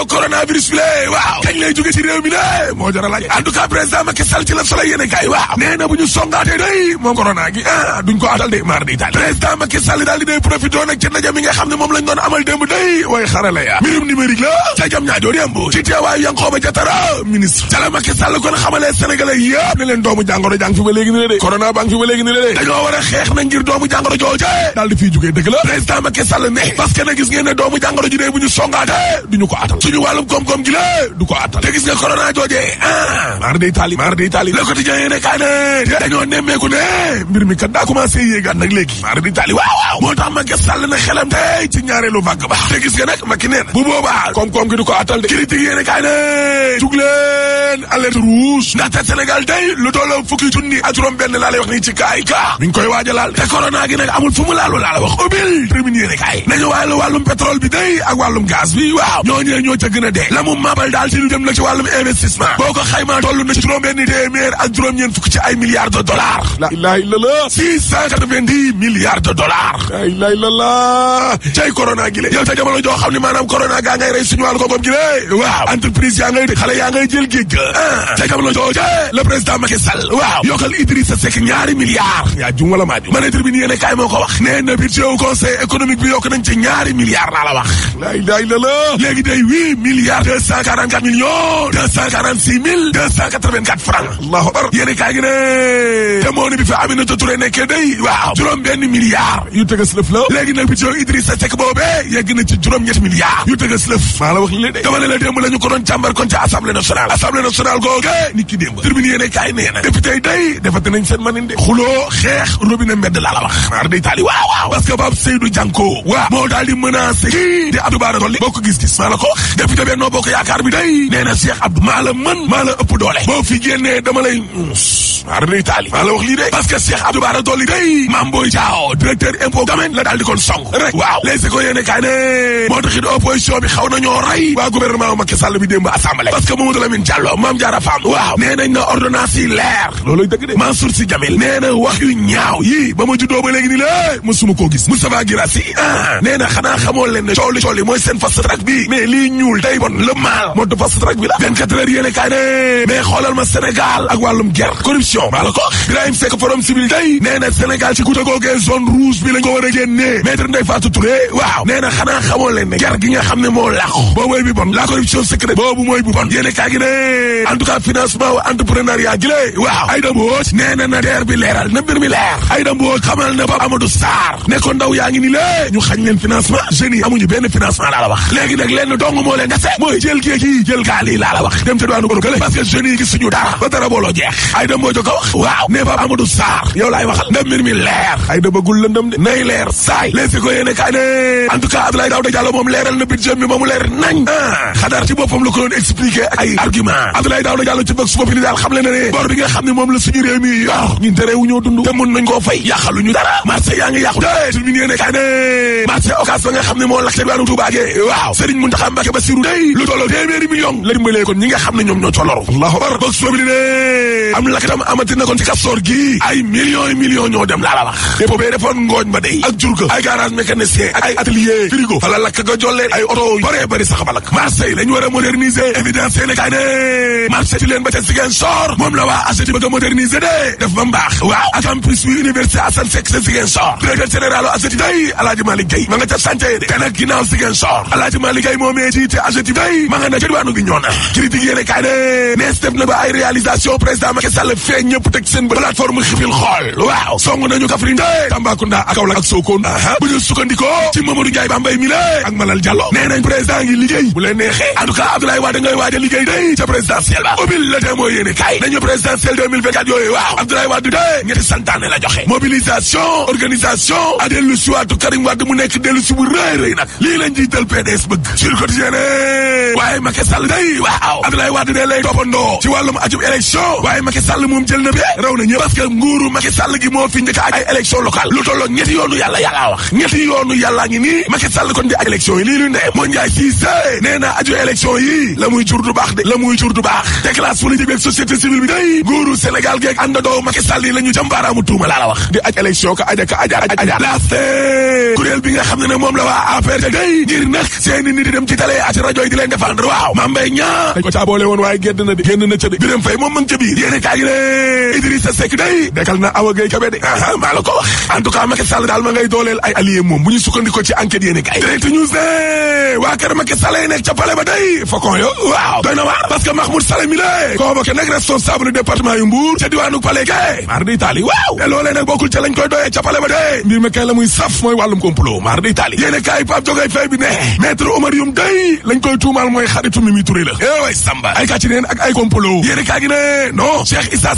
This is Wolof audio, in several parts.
xew coronavirus bi lée waaw kañ lay jóge ci réew mi lé moo jara laaj en tout ci la solo yéene kaay waaw nee na bu ñu songaatee day moom corona gi ah duñ ko atal de maar di taal président Macky Sall daal di day profitoo ci ndaje mi nga xam ne moom lañ doon amal démb day way xarala ya mbirum numérique la ca jam ñaajoo démb ci teewaayu Yankhoba Diattara ministre ca la Macky kon xamalee sénégalais yëpp ne leen doomu jàngoro jàng fi ba léegi a xeex na suñu wàllum koom-koom gi la du ko attal te gis nga corona joojee ah maar day taali maar day taali le quotidien yi nekkaa ne dañoo nemmeeku ne mbir mi kat daa commencé yéegaat maar day taali waaw waaw moo tax Macky Sall na xelam tey ci ñaareelu vague ba te gis nga nag Macky nee na bu boobaa koom-koom gi du ko attal de critique yéene kaa ne jug leen alerte rouge ndaxte Sénégal tey lu tolloo fukki junni ak juróom benn laa lay wax nii ci kaay ka mi koy waaj a ca gën a dee la mu mabal daal ci lu jëm nag ci wàllum investissement boo ko xaymaa toll na ci juróom-benn téeméer ak juróom-ñeent fukk ci ay milliards de dollars la ilaha illallah six cent quatre-vingt-dix milliards de dollars la ilaha illallah cay corona gi le yow ca jamono joo xam ne maanaam corona gaa ngay rey suñu wàllu koom-koom gi le waaw entreprise yaa ngay xale yaa ngay jël géej ga ah. ca jamono jooje le président Macky Sall waaw yokkal Idrissa Seck ñaari milliards yaa jum wala maa jum ma ne tribune yéene kaay moo ko wax nee na budget conseil économique bi yokk nañ ci ñaari milliards laa la wax la ilaha illallah léegi day wii ñetti milliards deux cent quarante quatre millions deux cent quarante six mille deux cent quatre vingt quatre francs allahu akbar yéen kaay gi ne te moo ni bi fa Aminata Touré day waaw juróom benn milliard yu tëgës lëf la léegi bi ci Idrissa Seck boobee yegg na ci juróom ñetti milliards yu tëgës lëf maa la wax li la de dama ne la démb kon ca assemblée nationale assemblée nationale googe nit ki démb tribune yéen kaay nee na député day defati nañ seen manin de xuloo xeex robinet député Benno Bokk Yaakaar bi day nee na Cheikh Abdou maa la mën maa la ëpp doole boo fi génnee dama lay maa la wax lii de parce que Cheikh Abdou Bara Dolly day Mame Boye Diao directeur impôt la daal kon song rek waaw les écoles yéene kaay moo taxit opposition bi xaw nañoo rey waa gouvernement Macky Sall bi démb assemblée parce wax yu ñaaw yii ba ma juddoo ba léegi ni la mësuma koo gis Moustapha Guirassy ah nee na xanaa xamoo leen cooli cooli mooy seen fast track bi lii ñuul day bon le moo de fast track la 24 heures yéene kaay ne xoolal ma Sénégal ak wàllum opposition maa la ko Birahim Seck Forum Civil day nee na Sénégal ci gouta googee zone rouge bi la ko war a génnee maître Ndeye Fatou Touré waaw nee xanaa xamoo ne ger gi nga xam ne moo làqu boobu bi bon la corruption secrète boobu mooy bu bon yéene kaa ne en tout cas financement wa entrepreneuriat gi lée waaw Aïda Mbodj nee na na leeral na mi leer Aïda Mbodj xamal na Pape Amadou Sarr ne ko ndaw yaa ngi ni lée ñu xañ leen financement jeunes yi amuñu benn financement laa ko ko wax waaw ne Pape Amadou Sarr yow laay waxal ndax mbir mi leer ay da bëggul lëndëm de nay leer saay les si ko yéene kaay ne en tout cas Abdoulaye moom leeral na budget bi ba mu leer nañ ah, xadar ci boppam la ko doon ay argument Abdoulaye Daouda Diallo ci bëgg su daal xam le na ne bi nga xam ne moom la suñu réew mi yox ñun tereewu ñoo dund te mën nañ koo fay yàqaluñu dara marché yaa ngi yàqu dé tur bi yéene kaay ne ba nga xam amati na kon ci Castor gii ay millions et millions ñoo dem laa la wax dépôt bee defoon ngooñ ba day ak jur ga ay garage mécanicien ak ay atelier frigo fala lakk ga war a moderniser évidence yéene kaay ne marché ci leen ba ca Ziguinchor moom la waa AGETI bëgg a moderniser de def ba mbaax waaw campus bi université Assane Seck ca Ziguinchor directeur Alaaji Malick Gueye ma nga ca chantier de ca diwaanu gi ñoo na critique yéene kaay ne na ba ay réalisation président Macky Sall fee tey ñëpp teg seen plateforme xifil xool waaw song nañu Kaffrine te Tambacounda ak Kaolack ak Sokone aa bu ci Mamadou Ndiaye Bambey mi la ak Malal Diallo nee nañ président liggéey bu leen neexee en tout cas ngay waaj a liggéey day ca présidentiel ba ubbil la a dellu si waatu Karim Wade mu nekk dellu si bu rëy rëy nag lii lañ jiital PDS bëgg sur quotidien waaye Macky Sall day waaw Abdoulaye Wade de lay toppandoo ci wàllum ajub élection moom jël na raw na ñëpp parce nguuru Macky Sall gi moo fi njëkk a ay élection locale lu tolloo ñetti yoonu yàlla yàllaa wax ñetti yoonu yàllaa ngi nii Macky Sall kon di aj élection yi lii lu ndee moo njaay sii sé nee na aju élection yi la muy jur du baax de la muy jur du baax te classe politique bi ak société civile bi day nguuru Sénégal geeg yi la ñu jàmbaaraamu tuuma laa la wax di aj élection ka aja ka aja aja laast kuréel bi nga xam ne moom la waa APR te day ngir nag seeni nit di dem ci télé ak ci rajo yi di leen défendre waaw Mame Idrissa a day dekal na Awa Gueye Kébé de aha maa la ko wax en tout cas Macky Sall daal ma ngay dooleel ay alliés moom bu ñu sukkandiko ci enquête yéene kay direct news ne waa kër Macky Sall yi nekk ca palais ba day fakon yo waaw doy na waar parce que Mahmoud Saleh mi la convoqué nag responsable département yu Mbour ca diwaanu palais kay di Italie waaw te loolee nag bokkul ca lañ koy doyee ca palais ba day mbir ma kay la muy saf mooy wàllum complot mar di Italie yéene kay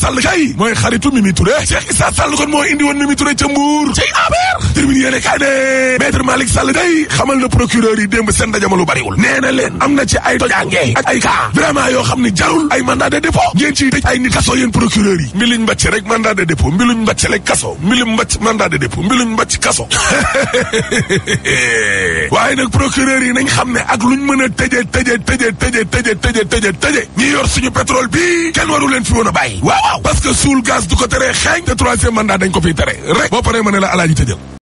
Sall kay mooy xaritu Mimi Touré Cheikh Issa Sall kon moo indi woon Mimi Touré ca Mbuur ci affaire tribune yéene kay ne maître Malick Sall day xamal na procureur yi dem démb seen dajama lu bariwul nee na leen am na ci ay tojaange ak ay cas vraiment yoo xam ne jarul ay mandat de dépôt ngeen ciy tëj ay nit kaso yéen procureur yi mbiluñ mbàcc rek mandat de dépôt mbiluñ mbàcc rek kaso mbiluñ mbàcc mandat de dépôt mbiluñ mbàcc kaso waaye nag procureur yi nañ xam ne ak luñ mën a tëjee tëjee tëjee tëjee tëjee tëjee tëjee ñi yor suñu pétrole bi kenn waru leen fi woon a bàyyi waaw parce que suul gaz du ko teree xeeñ te troisième mandat dañ ko fiy tere rek boo paree ma ne la alaaji tëjal